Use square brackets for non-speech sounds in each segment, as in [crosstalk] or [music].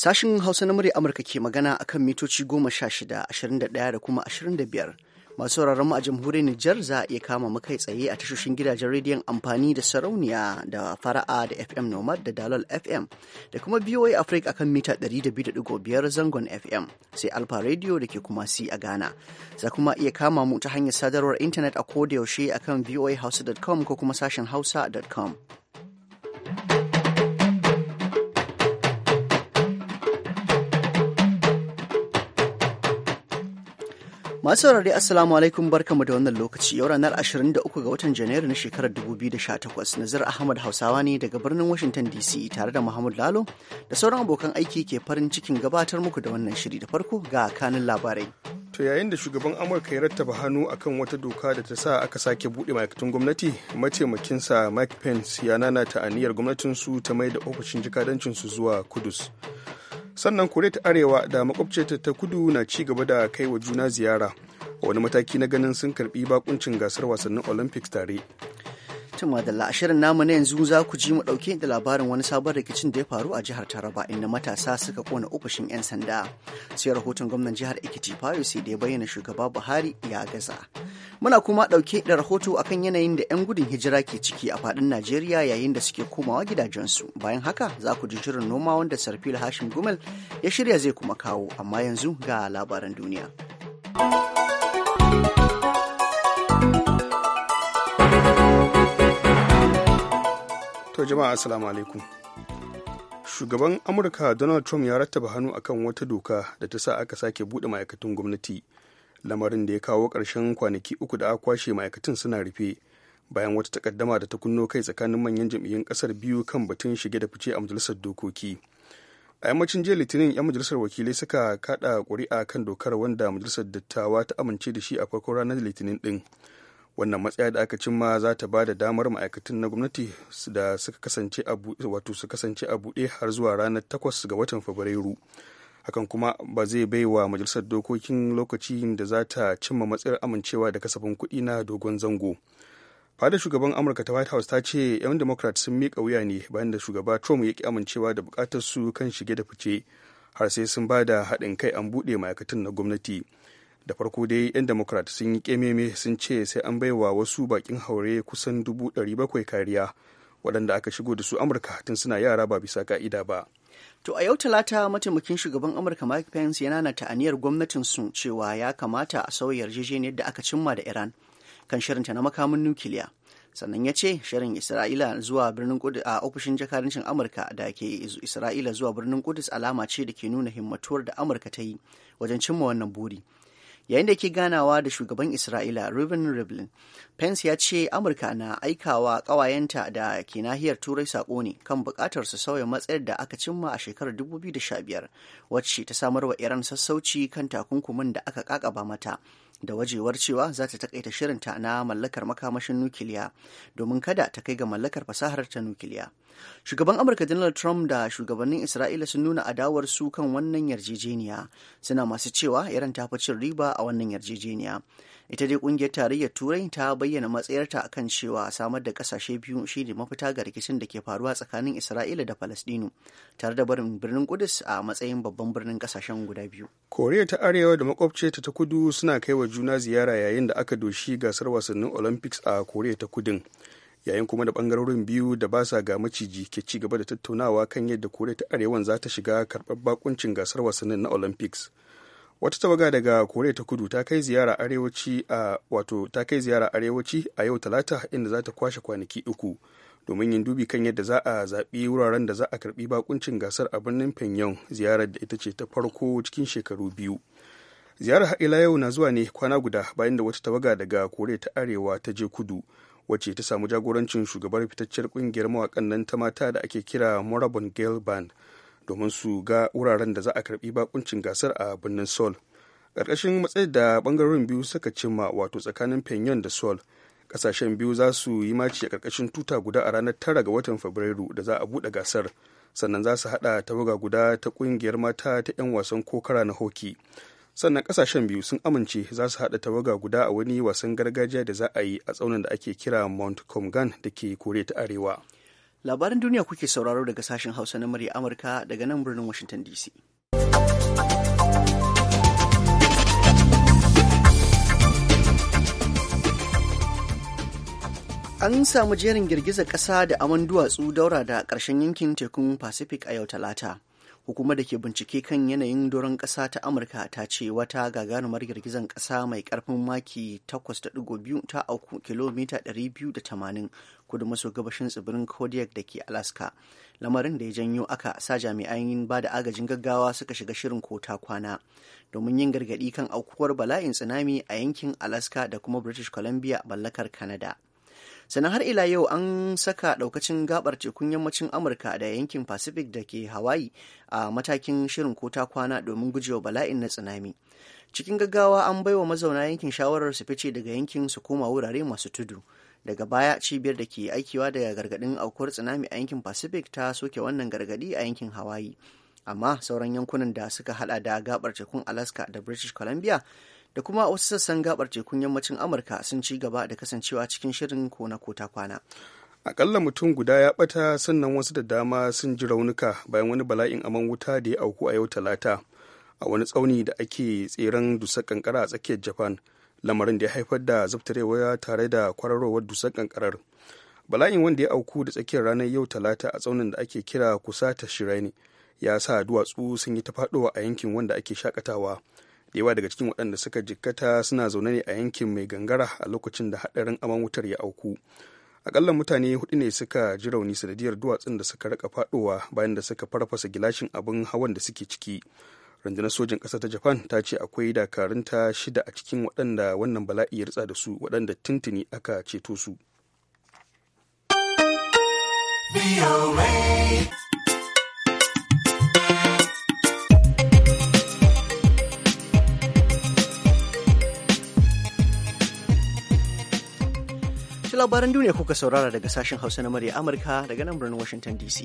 Sashin Hausa na murya Amurka ke magana akan mitoci goma sha shida, ashirin da ɗaya da kuma ashirin da biyar. Masu sauraron mu a jamhuriyar Nijar za a iya kama mu kai tsaye a tashoshin gidajen rediyon amfani da sarauniya da fara'a da FM Nomad da Dalol FM da kuma BOA Africa akan mita 200.5 zangon FM sai Alfa Radio da ke kuma si a Ghana. Za kuma iya kama mu ta hanyar sadarwar intanet a kodayaushe akan voahausa.com ko kuma sashen hausa.com. Masu saurari Assalamu alaikum barkamu da wannan lokaci yau ranar 23 ga watan Janairu na shekarar 2018 Nazar Ahmad Hausawa ne daga birnin Washington DC tare da Muhammad Lalo da sauran abokan aiki ke farin cikin gabatar muku da wannan shiri da farko ga kanin labarai. To yayin da shugaban Amurka ya rattaba hannu akan wata doka da ta sa aka sake buɗe ma'aikatan gwamnati mataimakinsa Mike Pence ya nana nanata gwamnatin su ta mai da ofishin jikadancin su zuwa Kudus. sannan koriya ta arewa da makwabciyarta ta kudu na ci gaba da kai wa juna ziyara wani mataki na ganin sun karbi bakuncin gasar wasannin olympics tare Tuma da la'ashirin namu na yanzu za ku ji mu ɗauke da labarin wani sabon rikicin da ya faru a jihar Taraba inda matasa suka kona ofishin 'yan sanda. Sai rahoton gwamnan jihar Ekiti Fayo sai da ya bayyana shugaba Buhari ya gaza. Muna kuma ɗauke da rahoto akan yanayin da 'yan gudun hijira ke ciki a faɗin Najeriya yayin da suke komawa gidajensu. Bayan haka za ku ji shirin noma wanda Sarfil Hashim Gumel ya shirya zai kuma kawo amma yanzu ga labaran duniya. To jama'a assalamu alaikum. Shugaban Amurka Donald Trump ya rattaba hannu akan wata doka da ta sa aka sake buɗe ma'aikatan gwamnati. Lamarin da ya kawo ƙarshen kwanaki uku da aka kwashe ma'aikatan suna rufe bayan wata takaddama da ta kunno kai tsakanin manyan jam'iyyun ƙasar biyu kan batun shige da fice a majalisar dokoki. a yammacin jiya litinin 'yan majalisar wakilai suka kada ƙuri'a kan dokar wanda majalisar dattawa ta amince da shi a farkon ranar litinin din wannan matsaya da aka cimma za ta ba da damar ma'aikatan na gwamnati da suka kasance a wato su kasance a buɗe har zuwa ranar takwas ga watan fabrairu hakan kuma ba zai bai wa majalisar dokokin lokacin da za ta cimma matsayar amincewa da kasafin kuɗi na dogon zango fada shugaban amurka ta white house ta ce 'yan democrat sun miƙa wuya ne bayan da shugaba trump ya ki amincewa da buƙatar su kan shige da fice har sai sun ba da haɗin kai an buɗe ma'aikatan na gwamnati da farko dai 'yan democrat sun yi kememe sun ce sai an baiwa wasu bakin haure kusan 700 kariya waɗanda aka shigo da su amurka tun suna yara ba bisa ka'ida ba to a yau talata mataimakin shugaban amurka mike pence yana na ta'aniyar gwamnatin su cewa ya kamata a sauya yarjejeniyar da aka cimma da iran kan shirinta na makamin nukiliya sannan ya ce shirin isra'ila zuwa birnin kudus a ofishin jakadancin amurka da ke isra'ila zuwa birnin kudus alama ce da ke nuna himmatuwar da amurka ta yi wajen cimma wannan buri yayin da ke ganawa da shugaban isra'ila ruben rivlin pence ya ce amurka na aikawa ƙawayenta da ke nahiyar turai sako ne kan buƙatar su sauya matsayar da aka cimma a shekarar 2015 wacce ta samar wa iran sassauci kan takunkumin da aka kakaba mata da wajewar cewa za ta takaita shirinta na mallakar makamashin nukiliya domin kada ta kai ga mallakar fasahar ta nukiliya. Shugaban Amurka Donald Trump da shugabannin Isra'ila sun nuna adawar su kan wannan yarjejeniya suna masu cewa Iran ta fi cin riba a wannan yarjejeniya. ita dai kungiyar tarayyar turai ta bayyana matsayarta kan cewa samar da kasashe biyu shine mafita ga rikicin da ke faruwa tsakanin isra'ila da falastinu tare da barin birnin kudus a matsayin babban birnin kasashen guda biyu koriya ta arewa da makwabce ta kudu suna kai wa juna ziyara yayin da aka doshi gasar wasannin olympics a koriya ta kudin yayin kuma da bangarorin biyu da ba sa ga maciji ke ci gaba da tattaunawa kan yadda koriya ta arewan za ta shiga karɓar bakuncin gasar wasannin na olympics wata tawaga daga koriya ta kudu ta kai ziyara arewaci a wato ta kai ziyara arewaci a yau talata inda za ta kwashe kwanaki uku domin yin dubi kan yadda za a zaɓi wuraren da za a karɓi bakuncin gasar a birnin penyon ziyarar da ita ce ta farko cikin shekaru biyu ziyarar haɗila yau na zuwa ne kwana guda bayan da wata tawaga daga koriya ta arewa ta je kudu wacce ta samu jagorancin shugabar fitacciyar ƙungiyar mawakan nan ta mata da ake kira morabon girl band domin su ga wuraren da za a karbi bakuncin gasar a birnin seoul ƙarƙashin matsayi da ɓangarorin biyu suka cimma wato tsakanin pyongyang da seoul ƙasashen biyu za su yi maci a ƙarƙashin tuta guda a ranar tara ga watan fabrairu da za a buɗe gasar sannan za su haɗa tawaga guda ta ƙungiyar mata ta 'yan wasan kokara na hoki sannan ƙasashen biyu sun amince za su haɗa tawaga guda a wani wasan gargajiya da za a yi a tsaunin da ake kira mount comgan da ke kore ta arewa labarin duniya kuke sauraro daga sashen hausa na murya amurka daga nan birnin washington dc an samu jerin girgizar ƙasa da aman duwatsu daura da ƙarshen yankin tekun pacific a yau talata hukumar da ke bincike kan yanayin doron ƙasa ta amurka ta ce wata gagarumar girgizar ƙasa mai ƙarfin maki 8.2 ta auku kilomita 280 kudu maso gabashin tsibirin Kodiak da ke Alaska, lamarin da ya janyo aka sa jami'an ba da agajin gaggawa suka shiga shirin kota kwana domin yin gargaɗi kan aukuwar bala'in tsunami a yankin Alaska da kuma British Columbia mallakar Canada. sannan har ila yau an saka daukacin gabar tekun yammacin amurka da yankin pacific da ke hawaii a matakin shirin kota kwana domin gujewa bala'in na tsunami cikin gaggawa an baiwa mazauna yankin shawarar su fice daga yankin su koma wurare masu tudu daga baya cibiyar da ke aikiwa daga gargadin aukuwar tsunami a yankin pacific ta soke wannan gargadi a yankin hawaii amma sauran yankunan da suka hada da gabar tekun alaska da british columbia da kuma wasu sassan gabar tekun yammacin amurka sun ci gaba da kasancewa cikin shirin kona kota kwana akalla mutum guda ya bata sannan wasu da dama sun ji raunuka bayan wani bala'in aman wuta da ya auku a yau talata a wani tsauni da ake tseren dusar kankara a tsakiyar japan lamarin da ya haifar da zaftarewa tare da kwararowar dusar kankarar bala'in wanda ya auku da tsakiyar ranar yau talata a tsaunin da ake kira kusa ta shirani ya sa duwatsu sun yi ta faɗowa a yankin wanda ake shakatawa da yawa daga cikin waɗanda suka jikkata suna zaune ne a yankin mai gangara a lokacin da haɗarin aman wutar ya auku akalla mutane hudu ne suka ji rauni sanadiyar duwatsun da suka rika faɗowa bayan da suka farfasa gilashin abin hawan da suke ciki rundunar sojin ƙasa ta japan ta ce akwai dakarunta shida a cikin waɗanda wannan bala'i ya ritsa da su waɗanda tuntuni aka ceto su labaran duniya kuka saurara daga sashen hausa na murya amurka daga nan birnin washington dc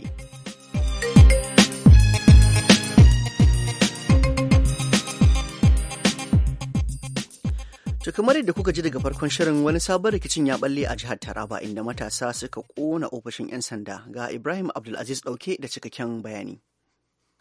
To kamar yadda kuka ji daga farkon shirin wani sabon rikicin ya balle a jihar Taraba inda matasa suka kona ofishin 'yan sanda ga Ibrahim Abdulaziz ɗauke da cikakken bayani.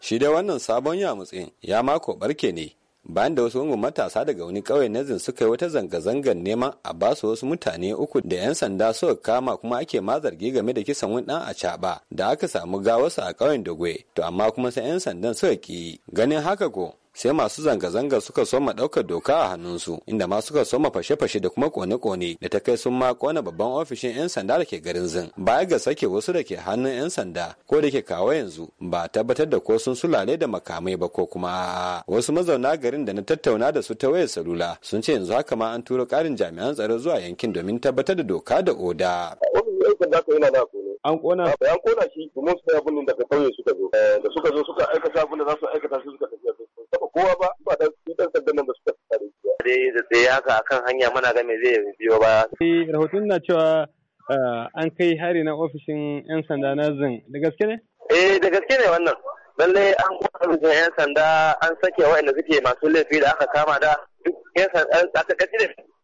Shi da wannan sabon ya mutse ya mako barke ne bayan da wasu gungun matasa daga wani ƙauye zin suka yi wata zanga-zangar neman a ba su wasu mutane uku da 'yan sanda suka kama kuma ake ma game da kisan wani ɗan acaɓa da aka samu gawarsa a ƙauyen dogwe to amma kuma sai 'yan sandan suka ki ganin haka ko sai masu zanga-zanga suka soma ɗaukar doka a hannunsu inda ma suka soma fashe-fashe da kuma kone-kone da ta kai sun ma kona babban ofishin 'yan sanda da ke garin zin baya ga sake wasu da ke hannun 'yan sanda ko da ke kawo yanzu ba tabbatar da ko sun sulale da makamai ba ko kuma wasu mazauna garin da na tattauna da su ta wayar salula sun ce yanzu haka ma an turo ƙarin jami'an tsaro zuwa yankin domin tabbatar da doka da oda. an kona ah, an kona shi domin su abin da daga kauye suka zo eh, da suka zo suka aikata abin da za su aikata su suka tafi kowa ba ba da dan sandan nan ba suka tsare shi dai da haka akan hanya muna ga me zai biyo ba eh rahoton na cewa eh, an kai hari na ofishin yan sanda na zin da gaske ne eh da gaske ne wannan lallai an kuma da yan sanda an sake wa'anda suke masu laifi da aka kama da duk yan sanda aka kace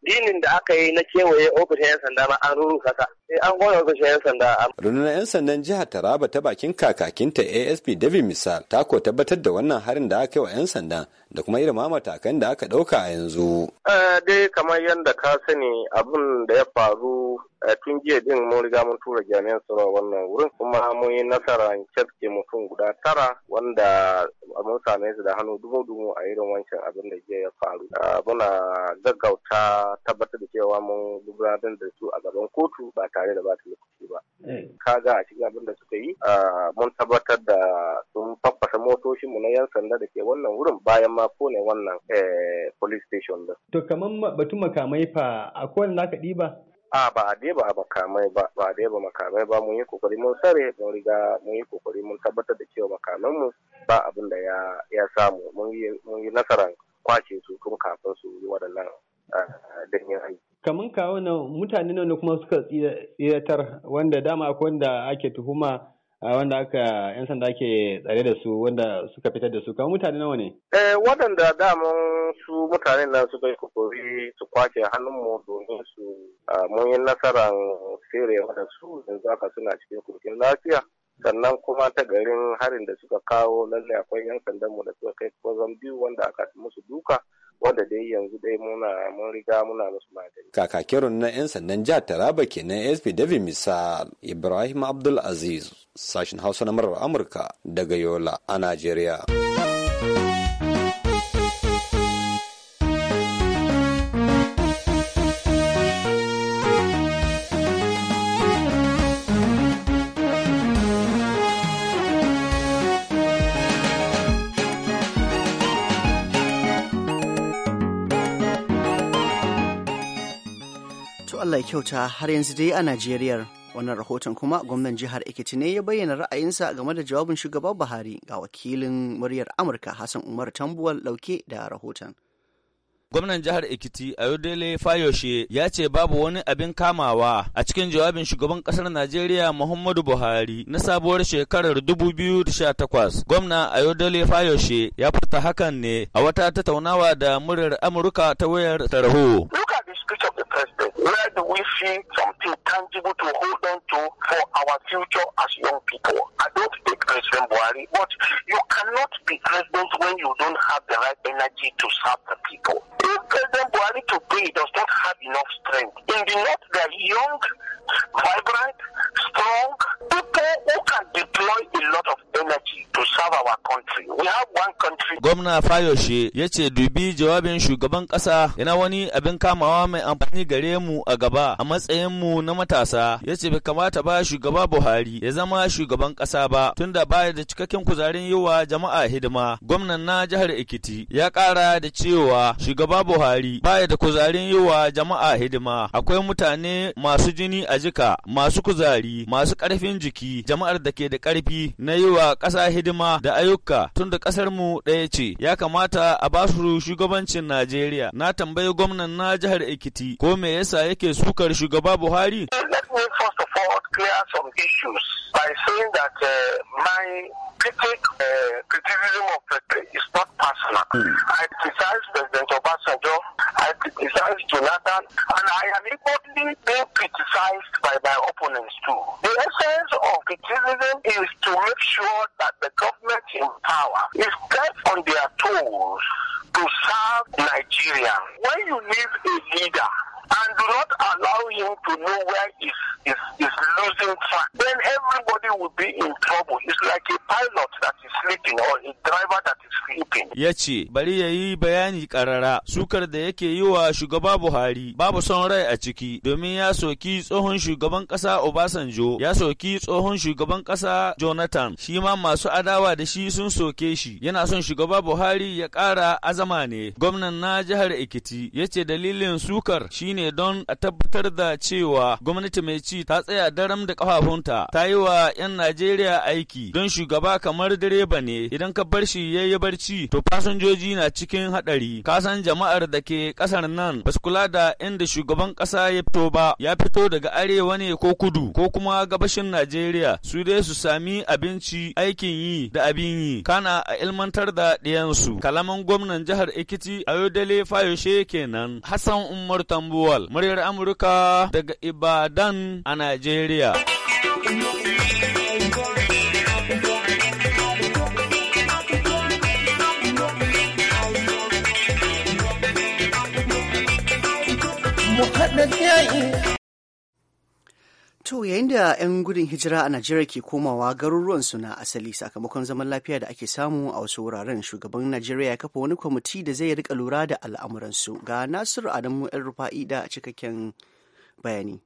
dinin da aka yi na kewaye ofishin yan sanda ma an rurrusa Eh, an gona wasu yan sanda. Rundunar 'yan sandan jihar Taraba ta bakin kakakinta ASP David Misal ta ko tabbatar da wannan harin da aka yi wa 'yan sandan da kuma irin matakan da aka ɗauka a yanzu. Eh, dai kamar yadda ka sani abin da ya faru eh, tun jiya din mun riga mun tura jami'an tsaro wannan wurin kuma mun yi nasara cafke mutum guda tara wanda mun same su da hannu dubu dubu a irin wancan abin da jiya ya faru muna gaggauta tabbatar da cewa mun gudanar da su a gaban kotu ba tare tare da bata lokaci ba eh. kaga a cikin abin da suka yi mun tabbatar da sun faffasa motoshinmu na yan sanda da ke wannan wurin bayan ma ne wannan eh, police station din to kamar batun makamai fa akwai wanda aka ɗiba a ba a makamai ba ba a ba makamai ba mun yi kokari mun sare mun riga mun yi kokari mun tabbatar da cewa makamanmu ba abin da ya samu mun yi nasarar kwace su tun kafin su yi waɗannan eh, danyen aiki kamar kawo na mutane ne kuma suka tsiratar wanda dama akwai wanda ake tuhuma wanda aka yan sanda ake tsare da su wanda suka fitar da su kamar mutane nawa ne eh waɗanda daman su mutanen nan suka yi kokori su kwace hannunmu domin su mun yi nasarar sere su yanzu aka suna cikin kurkin lafiya sannan kuma ta garin harin da suka kawo lallai akwai yan sandanmu da suka kai kwazon biyu wanda aka musu duka wanda dai yanzu dai muna mun riga muna musu magani. Kakakin na 'yan sandan jihar Taraba kenan SP Davi Misal Ibrahim Abdul Aziz sashin Hausa na murar Amurka daga Yola a Najeriya. kyauta har yanzu dai a Najeriya. Wannan rahoton kuma gwamnan jihar Ekiti ne ya bayyana ra'ayinsa game da jawabin Shugaban Buhari ga wakilin muryar Amurka Hassan Umar Tambuwal ɗauke da rahoton. Gwamnan jihar Ekiti Ayodele Fayoshe ya ce babu wani abin kamawa a cikin jawabin shugaban kasar Najeriya Muhammadu Buhari na sabuwar shekarar 2018. Gwamna Ayodele Fayoshe ya furta hakan ne a wata tattaunawa da muryar Amurka ta wayar tarho. Where do we see something tangible to hold on to for our future as young people? I don't take President Buhari, but you cannot be president when you don't have the right energy to serve the people. If President Buhari today does not have enough strength, in the north are young, vibrant, Nana Fayoshe ya ce dubi jawabin shugaban ƙasa yana wani abin kamawa mai amfani gare mu a gaba a matsayin mu na matasa ya ce bai kamata ba shugaba Buhari ya zama shugaban ƙasa ba tunda baya da cikakken kuzarin yi wa jama'a hidima. Gwamnan na jihar Ekiti ya kara da cewa shugaba Buhari baya da kuzarin yi wa jama'a hidima. Akwai mutane masu jini a jika, masu kuzari, masu karfin jiki, jama'ar da ke da karfi. na yi wa ƙasa hidima da ayyuka tunda ƙasar mu ɗaya ce. ya kamata a ba su shugabancin Najeriya. Na tambayi gwamnan na jihar Ekiti ko me yasa yake sukar shugaba Buhari? clear some issues by saying that uh, my critic, uh, criticism of the is not personal. Mm. I criticize President Obasanjo is thanks to Nathan, and I am equally being criticized by my opponents too. The essence of criticism is to make sure that the government in power is kept on their toes to serve Nigeria. When you need a leader and do not allow him to know where he's, is he's losing track, then everybody will be in trouble. It's like a pilot that is sleeping or a driver that is sleeping. Ya ce, bari ya yi bayani karara sukar da yake yi wa shugaba Buhari babu son rai a ciki domin ya soki tsohon shugaban kasa Obasanjo, ya soki tsohon shugaban kasa Jonathan, shi ma masu adawa da shi sun soke shi. Yana son shugaba Buhari ya ƙara azama ne. Gwamnan na jihar Ekiti ya dalilin sukar shine ne don a tabbatar da cewa gwamnati mai ci ta tsaya daram da kafafunta ta yi wa 'yan Najeriya aiki don shugaba kamar direba ne idan ka bar shi ya yi barci to fasinjoji na cikin haɗari kasan jama'ar da ke ƙasar nan ba su kula da inda shugaban ƙasa ya fito ba ya fito daga arewa ne ko kudu ko kuma gabashin Najeriya su dai su sami abinci aikin yi da abin yi kana a ilmantar da ɗiyansu kalaman gwamnan jihar Ekiti Ayodele Fayoshe kenan Hassan Umar Tambuwa Lawal, muryar Amurka daga Ibadan a Najeriya. To yayin da 'yan gudun hijira a Najeriya ke komawa garuruwan su na asali sakamakon zaman lafiya da ake samu a wasu wuraren shugaban Najeriya ya kafa wani kwamiti da zai rika lura da al'amuransu ga Nasiru Adamu 'yan rufa'i da cikakken bayani.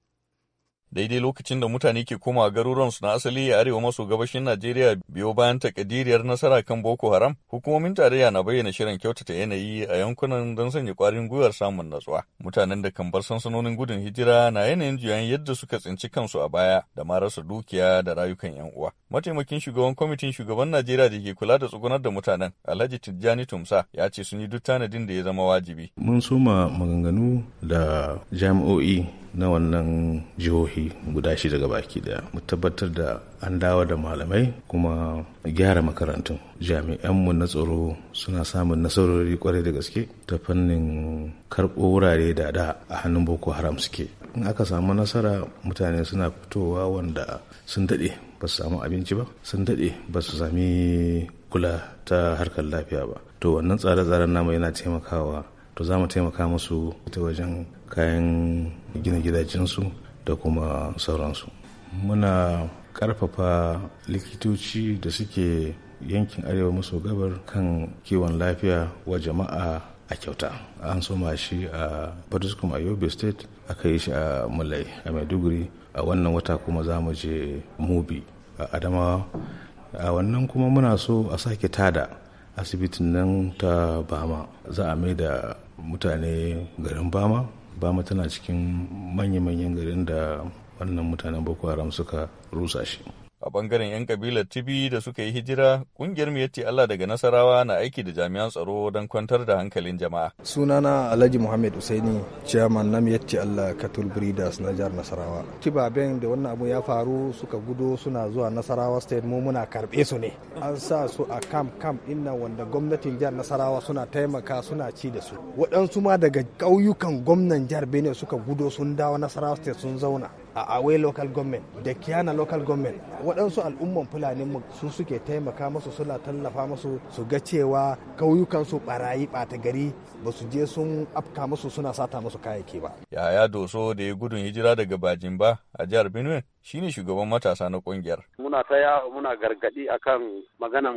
daidai lokacin da mutane ke komawa su na asali a arewa maso gabashin Najeriya biyo bayan takadiriyar nasara kan Boko Haram, hukumomin tarayya na bayyana shirin kyautata yanayi a yankunan don sanya kwarin gwiwar samun natsuwa. Mutanen da kan bar sansanonin gudun hijira na yanayin juyan yadda suka tsinci kansu a baya da marasa dukiya da rayukan yan uwa. Mataimakin shugaban kwamitin shugaban Najeriya da ke kula da tsugunar da mutanen, Alhaji Tijjani Tumsa, ya ce sun yi duk tanadin da ya zama wajibi. Mun soma maganganu da jami'o'i na wannan jihohi guda shi daga baki daya mu tabbatar da an dawo da malamai kuma gyara makarantun jami'anmu na tsaro suna samun nasarori kwarai da gaske ta fannin karɓo wurare da da a hannun boko haram suke in aka samu nasara mutane suna fitowa wanda sun daɗe ba su samu abinci ba sun daɗe ba su sami kula ta harkar lafiya ba to wannan tsare-tsaren namu yana taimakawa to za mu taimaka musu ta wajen kayan gina gidajensu da kuma sauransu muna karfafa likitoci da suke yankin arewa maso gabar kan kiwon lafiya wa jama'a a kyauta an soma shi a badiskum a yobe state aka yi shi a mulai a maiduguri a wannan wata kuma za mu je mubi a adamawa a wannan kuma muna so a sake tada asibitin nan ta bama za a mai da mutane garin bama bama tana cikin manya-manyan garin da wannan mutanen boko haram suka rusa shi a bangaren 'yan kabilar tibi da suka yi hijira kungiyar miyatti allah daga nasarawa na aiki da jami'an tsaro don kwantar da hankalin jama'a sunana alhaji muhammad usaini chairman na miyatti allah katul breeders na jihar nasarawa tibaben da wannan abu ya faru suka gudo suna zuwa nasarawa state mu muna karbe su ne an sa su a camp camp inna wanda gwamnatin jihar nasarawa suna taimaka suna ci da su waɗansu ma daga ƙauyukan gwamnan jihar bene suka gudo sun dawo nasarawa state sun zauna a away local government da kiyana local government waɗansu al'umman fulani su suke taimaka masu suna tallafa masu su ga cewa kauyukansu barayi ɓata gari ba su je sun afka masu suna sata masu kayayyaki ba. Yaya Doso da ya gudun hijira daga Bajin ba a jihar Benue shine shugaban matasa na kungiyar. Muna ta yawo muna gargaɗi akan maganan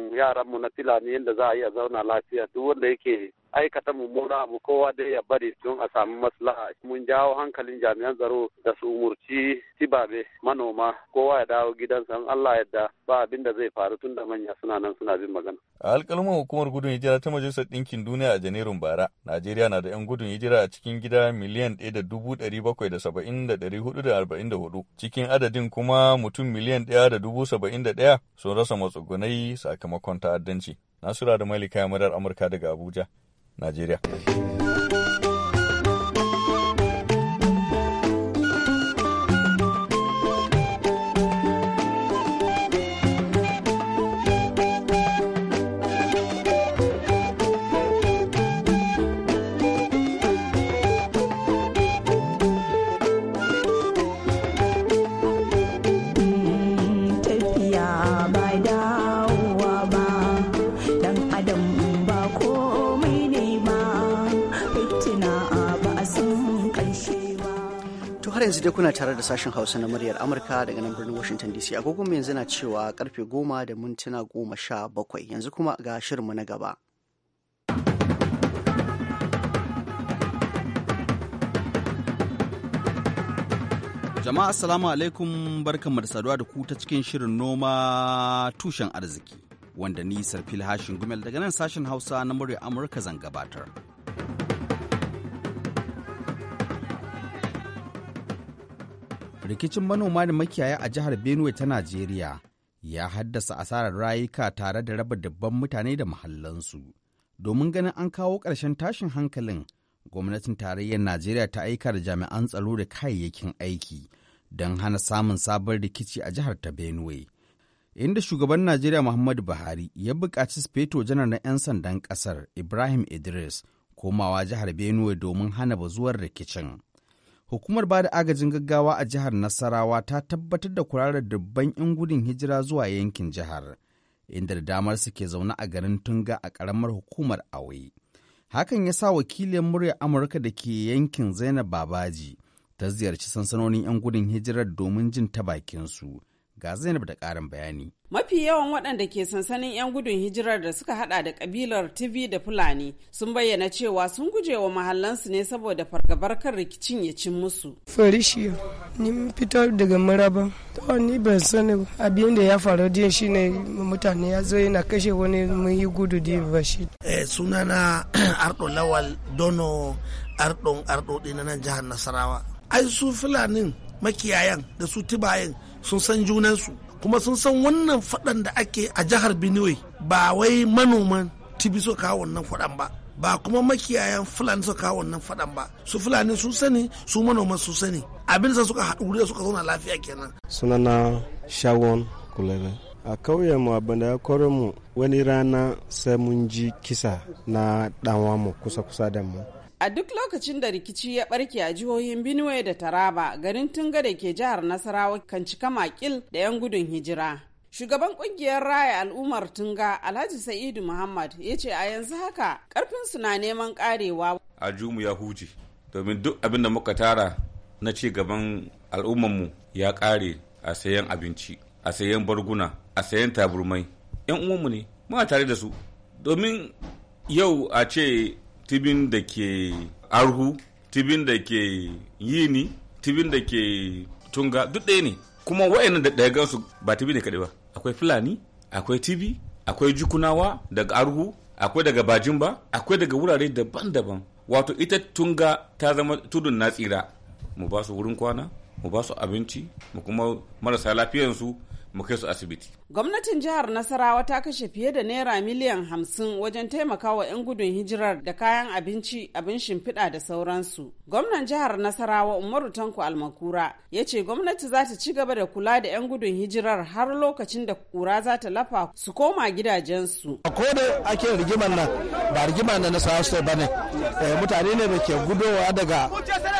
mu na Fulani yadda za a iya zauna lafiya duk wanda yake aikata mummuna abu kowa dai ya bari don a samu maslaha mun jawo hankalin jami'an tsaro da su umurci sibabe manoma kowa ya dawo gidansa in Allah yadda ba abin da zai faru tun da manya suna nan suna bin magana a alƙalman hukumar gudun hijira ta majalisar ɗinkin duniya a janairun bara najeriya na da 'yan gudun hijira a cikin gida miliyan ɗaya da dubu ɗari bakwai da saba'in da ɗari hudu da arba'in da hudu cikin adadin kuma mutum miliyan ɗaya da dubu saba'in da ɗaya sun rasa matsugunai sakamakon ta'addanci nasura da malika murar amurka daga abuja Najeriya. dai kuna tare da sashen hausa na muryar amurka daga nan birnin washington dc agogon yanzu na cewa karfe goma da mintuna goma sha bakwai yanzu kuma ga shirinmu na gaba jama'a assalamu alaikum barkanmu da saduwa da ku ta cikin shirin noma tushen arziki wanda ni sarfil hashin gumel daga nan sashen hausa na muryar amurka zan gabatar rikicin manoma da makiyaya a jihar benue ta najeriya ya haddasa asarar rayuka tare da raba dabban mutane da mahallansu domin ganin an kawo ƙarshen tashin hankalin gwamnatin tarayyar najeriya ta aika da jami'an tsaro da kayayyakin aiki don hana samun sabon rikici a jihar ta benue inda shugaban najeriya muhammadu buhari ya buƙaci speto janar na 'yan sandan ƙasar ibrahim idris komawa jihar benue domin hana bazuwar rikicin Hukumar ba da agajin gaggawa a jihar Nasarawa ta tabbatar da kurarar dubban 'yan gudun hijira zuwa yankin jihar, inda da damar suke zaune a garin Tunga a ƙaramar hukumar Awai, Hakan ya sa wakilin murya Amurka da ke yankin Zainab Babaji ta ziyarci sansanonin 'yan gudun hijirar domin jin ta bakinsu. Ga Zainab da ƙarin bayani. Mafi yawan waɗanda ke sansanin 'yan gudun hijirar da suka hada da kabilar TV da Fulani sun bayyana cewa sun guje wa mahallansu ne saboda fargabar kan rikicin ya cin musu. Farishiya, ni fito daga maraba. To ni ban sani abin da ya faru jiya shine mutane ya zo yana kashe wani mun yi gudu da ba shi. Eh, sunana [clears throat] Ardo Lawal Dono Ardon Ardo na nan jihar Nasarawa. Ai su Fulanin makiyayan da su tibayen sun san junansu kuma sun san wannan faɗan da ake a jihar benue ba wai manoman tibi so kawo wannan faɗan ba ba kuma makiyayan fulani so kawo wannan faɗan ba su fulani su sani su manoman su sani abin da suka haɗu da suka zauna lafiya kenan sunana shawon kulere a kauyen mu abin da ya kore mu wani rana sai mun ji kisa na ɗanwa mu kusa kusa da mu A duk lokacin da rikici ya barke a jihohin Benue da Taraba, garin Tunga da ke jihar Nasarawa kan cika makil da 'yan gudun hijira. Shugaban kungiyar raya al'ummar Tunga, Alhaji Sa'idu Muhammad, ya ce a yanzu haka su na neman karewa. A jumu ya huce, domin duk abin da muka tara na ci gaban al'ummarmu ya kare a sayan abinci, a sayan barguna, a sayan taburmai. 'Yan uwanmu ne, muna tare da su. Domin yau a ce tibin da ke arhu tibin da ke yini tibin da ke tunga duk ɗaya ne kuma wa'annan da ɗaya gansu ba tibi ne kaɗai ba akwai fulani akwai tibi akwai jukunawa daga arhu akwai daga bajin ba akwai daga wurare daban-daban wato ita tunga ta zama tudun na tsira mu ba su wurin kwana mu ba su abinci mu kuma marasa lafiyansu mu kai su asibiti Gwamnatin jihar Nasarawa ta kashe fiye da naira miliyan hamsin wajen taimakawa 'yan gudun hijirar da kayan abinci, abin shimfiɗa da sauransu. Gwamnan jihar Nasarawa Umaru Tanko Almakura ya ce gwamnati za ta ci gaba da kula da 'yan gudun hijirar har lokacin da kura za ta lafa su koma gidajensu. Ko da ake rigimar nan ba rigima na Nasarawa su ba ne. Eh, mutane ne da ke gudowa daga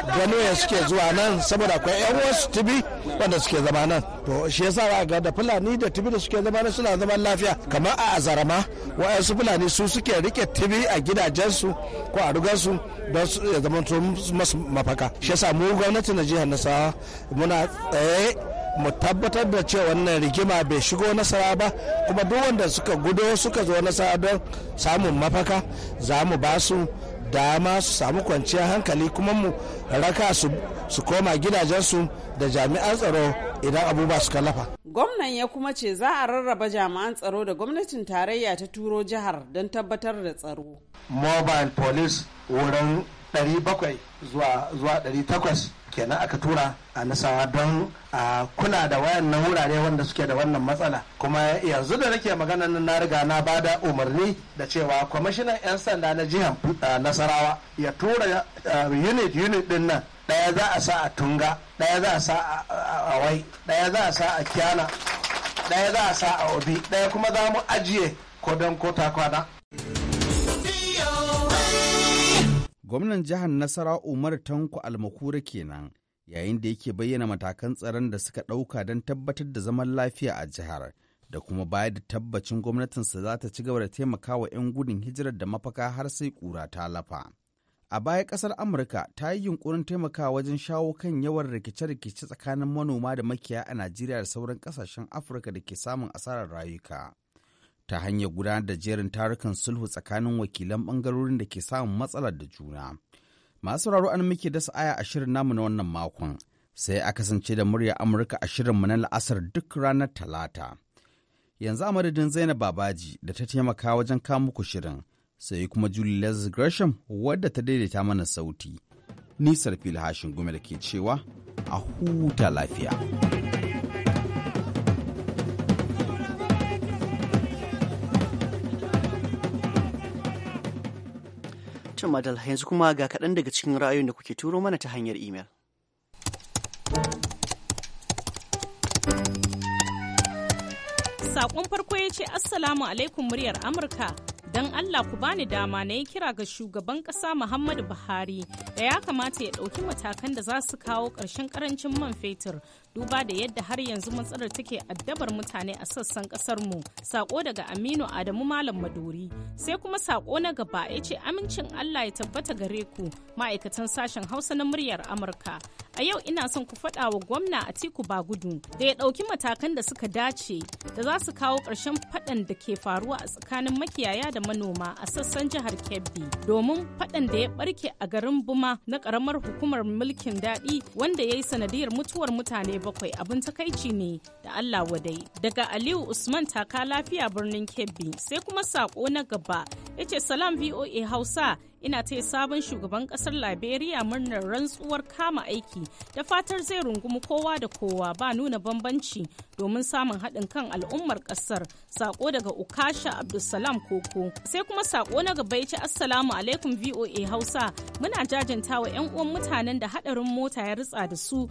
ganuwa suke zuwa nan saboda akwai 'yan wasu tibi wanda suke zama nan. To shi yasa ga da Fulani da tibi da suke zama na suna zaman lafiya kamar a azarama wa'yansu fulani su suke rike tibi a gidajensu ko a rugansu don ya zama masu mafaka shi yasa mu gwamnati na jihar nasarawa muna tsaye mu tabbatar da cewa wannan rigima bai shigo nasara ba kuma duk wanda suka gudo suka zo nasara don samun mafaka za mu ba su dama su samu kwanciyar hankali kuma mu raka su koma gidajensu da jami'an tsaro idan abubuwa suka lafa. Gwamnan ya kuma ce za a rarraba jami'an tsaro da gwamnatin tarayya ta turo jihar don tabbatar da tsaro. Mobile police wurin 700 zuwa 800 kenan aka tura a nasawa don a kula da wayannan wurare wanda suke da wannan matsala kuma yanzu da nake magana na riga na bada umarni da cewa kwamishinan 'yan sanda na jihar nasarawa ya tura unit unit din nan ɗaya za a sa a tunga ɗaya za a sa a wai ɗaya za a sa a kyana ɗaya za a sa a obi ɗaya kuma za mu ajiye ko don ko takwana. gwamnan jihar nasara umar tanko almakura kenan yayin da yake bayyana matakan tsaron da suka ɗauka don tabbatar da zaman lafiya a jihar da kuma bayar da tabbacin gwamnatinsa za ta ci gaba da taimakawa 'yan gudun hijirar da mafaka har sai ƙura ta lafa. A baya ƙasar Amurka ta yi yunkurin taimakawa wajen shawo kan yawan rikice-rikice tsakanin manoma da makiya a Najeriya da sauran ƙasashen Afirka da ke samun asarar rayuka. Ta hanyar gudanar da jerin tarukan sulhu tsakanin wakilan ɓangarorin da ke samun matsalar da juna. Masu sauraro an muke dasa aya a shirin namu na wannan makon. Sai a kasance da murya Amurka a shirinmu na la'asar duk ranar Talata. Yanzu a madadin Zainab Babaji da ta taimaka wajen kawo shirin. sai kuma Julie Gresham wadda ta daidaita mana sauti. Nisar filhashin hashin gume da ke cewa a huta lafiya. Tun madal yanzu kuma ga kaɗan daga cikin ra'ayoyin da kuke turo mana ta hanyar imel. sakon farko ya ce Assalamu alaikum muryar Amurka. don Allah ku bani dama na yi kira ga shugaban ƙasa Muhammadu Buhari da ya kamata ya ɗauki matakan da za su kawo ƙarshen ƙarancin man fetur duba da yadda har yanzu matsalar take addabar mutane a sassan ƙasar mu sako daga aminu adamu malam maduri sai kuma sako na gaba ya ce amincin allah ya tabbata gare ku ma'aikatan sashen hausa na muryar amurka a yau ina son ku faɗa wa gwamna a tiku Ba gudu da ya ɗauki matakan da suka dace da za su kawo ƙarshen faɗan da ke faruwa a tsakanin makiyaya da manoma a sassan jihar kebbi domin faɗan da ya ɓarke a garin buma zama na karamar hukumar mulkin daɗi wanda ya yi sanadiyar mutuwar mutane bakwai abin takaici ne da Allah wadai. Daga Aliyu Usman taka lafiya birnin Kebbi sai kuma sako na gaba ya ce salam VOA Hausa ina taya sabon shugaban kasar liberia murnar rantsuwar kama aiki da fatar zai rungumi kowa da kowa ba nuna bambanci domin samun haɗin kan al'ummar ƙasar sako daga ukasha abdulsalam koko sai kuma sako na gaba ce assalamu alaikum voa hausa muna jajantawa 'yan uwan mutanen da haɗarin mota ya ritsa da su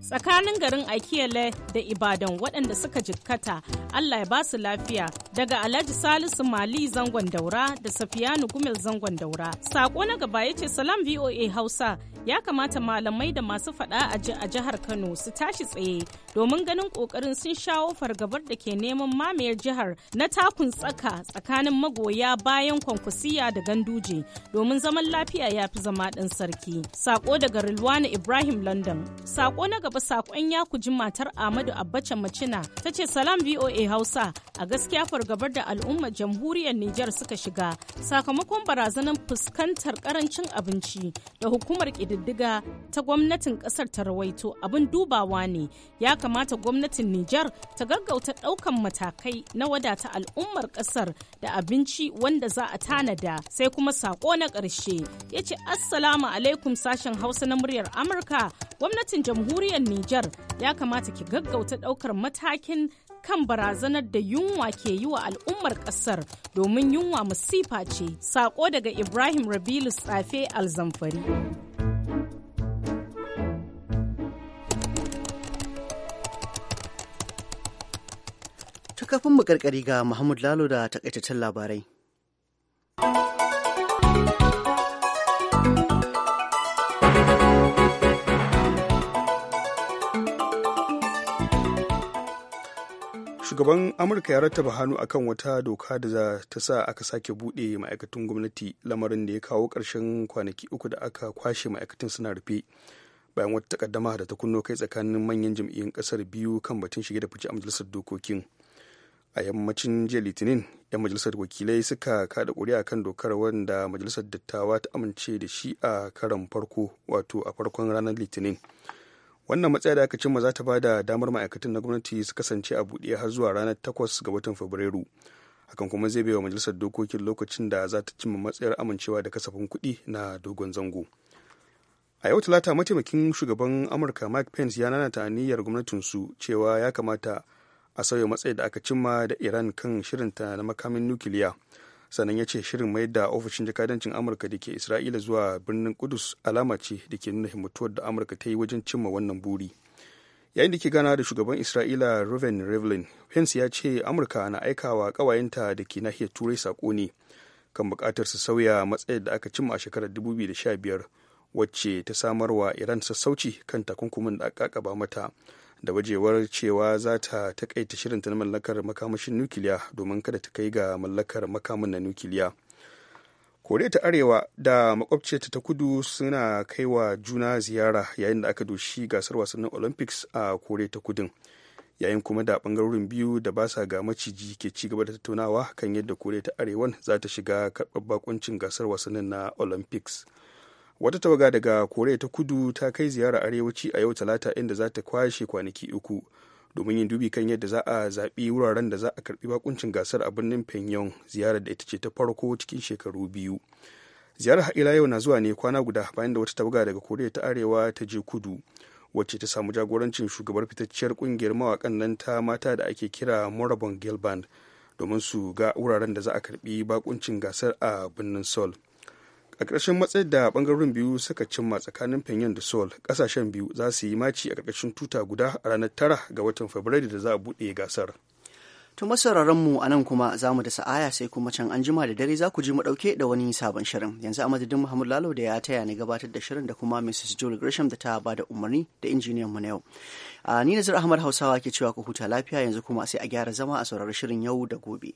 tsakanin garin akiyale da Ibadan waɗanda suka jikkata Allah ya ba su lafiya daga Alhaji Salisu Mali zangon daura da Safiyanu Gumel zangon daura. saƙo na gaba ya ce Salam VOA Hausa ya kamata malamai da masu faɗa a jihar Kano su tashi tsaye domin ganin kokarin sun shawo fargabar da ke neman mamayar jihar na takun tsaka tsakanin magoya bayan kwankwasiya da ganduje domin zaman lafiya ya fi zama ɗan sarki. Sako daga Rilwana Ibrahim London. Sako na gaba sakon ya kuji matar Ahmadu Abacha Macina ta ce salam VOA Hausa a gaskiya fargabar da al'ummar jamhuriyar niger suka shiga sakamakon barazanar fuskantar karancin abinci da hukumar ƙididdiga ƙididdiga ta gwamnatin ƙasar ta rawaito abin dubawa ne ya kamata gwamnatin Nijar ta gaggauta daukan matakai na wadata al'ummar ƙasar da abinci wanda za a tanada sai kuma sako na ƙarshe ya ce assalamu alaikum sashen hausa na muryar amurka gwamnatin jamhuriyar Nijar ya kamata ki gaggauta ɗaukar matakin kan barazanar da yunwa ke yi wa al'ummar ƙasar domin yunwa musifa ce sako daga ibrahim rabilu tsafe alzamfari. kafin mu karkari ga Muhammad Lalo da takaitaccen labarai. shugaban amurka ya rattaba hannu akan wata doka da za ta sa aka sake buɗe ma'aikatan gwamnati lamarin da ya kawo ƙarshen kwanaki uku da aka kwashe ma'aikatan suna rufe bayan wata takaddama da ta kunno kai tsakanin manyan jam'iyyun ƙasar biyu kan batun shige da fice a majalisar dokokin a yammacin jiya litinin 'yan majalisar wakilai suka kada kuri'a kan dokar wanda majalisar dattawa ta amince da shi a karan farko wato a farkon ranar litinin wannan matsaya da aka cimma za ta ba da damar ma'aikatan na gwamnati su kasance a buɗe har zuwa ranar 8 ga watan fabrairu hakan kuma zai baiwa majalisar dokokin lokacin da za ta cimma matsayar amincewa da kasafin kuɗi na dogon zango a yau talata mataimakin shugaban amurka mike pence ya nanata aniyar gwamnatinsu cewa ya kamata a sauya matsayi da aka cimma da iran kan shirinta na makamin nukiliya sannan ya ce shirin mai da ofishin jakadancin amurka da ke isra'ila zuwa birnin kudus alama ce da ke nuna himmatuwar da amurka ta yi wajen cimma wannan buri yayin da ke gana da shugaban isra'ila reuven rivlin pence ya ce amurka na aikawa kawayenta da ke nahiyar turai sako ne kan bukatar su sauya matsayar da aka cimma a shekarar 2015 wacce ta samarwa iran sassauci kan takunkumin da aka kaba mata da wajewar cewa za ta takaita shirinta na mallakar makamashin nukiliya domin kada ta kai ga mallakar makamun na nukiliya koriya ta arewa da makwabciyarta ta kudu suna kai wa juna ziyara yayin da aka doshi gasar wasannin olympics a koriya ta kudin yayin kuma da bangarorin biyu da ba sa ga maciji ke ci gaba da tattaunawa kan yadda koriya ta arewan za ta shiga karɓar bakuncin gasar wasannin na olympics wata tawaga daga koriya ta kudu ta kai ziyara arewaci a yau talata inda za ta kwashe kwanaki uku domin yin dubi kan yadda za a zaɓi wuraren da za a karɓi bakuncin gasar a birnin pyongyang ziyarar da ita ce ta farko cikin shekaru biyu ziyarar haɗila yau na zuwa ne kwana guda bayan da wata tawaga daga koriya ta arewa ta je kudu wacce ta samu jagorancin shugabar fitacciyar ƙungiyar mawakan nan ta mata da ake kira morabon gilband domin su ga wuraren da za a karɓi bakuncin gasar a birnin sol. a ƙarshen matsayin da ɓangarorin biyu suka cimma tsakanin Pyongyang da Seoul ƙasashen biyu za su yi maci a ƙarƙashin tuta guda a ranar tara ga watan Fabrairu da za a buɗe gasar. To mu a nan kuma za mu da sa'aya sai kuma can an jima da dare za ku ji mu ɗauke da wani sabon shirin. Yanzu a madadin Muhammadu Lalo da ya taya ni gabatar da shirin da kuma Mrs. Joel Gresham da ta ba da umarni da injiniyan mu na yau. ni Nazir Ahmad Hausawa ke cewa ku huta lafiya yanzu kuma sai a gyara zama a saurari shirin yau da gobe.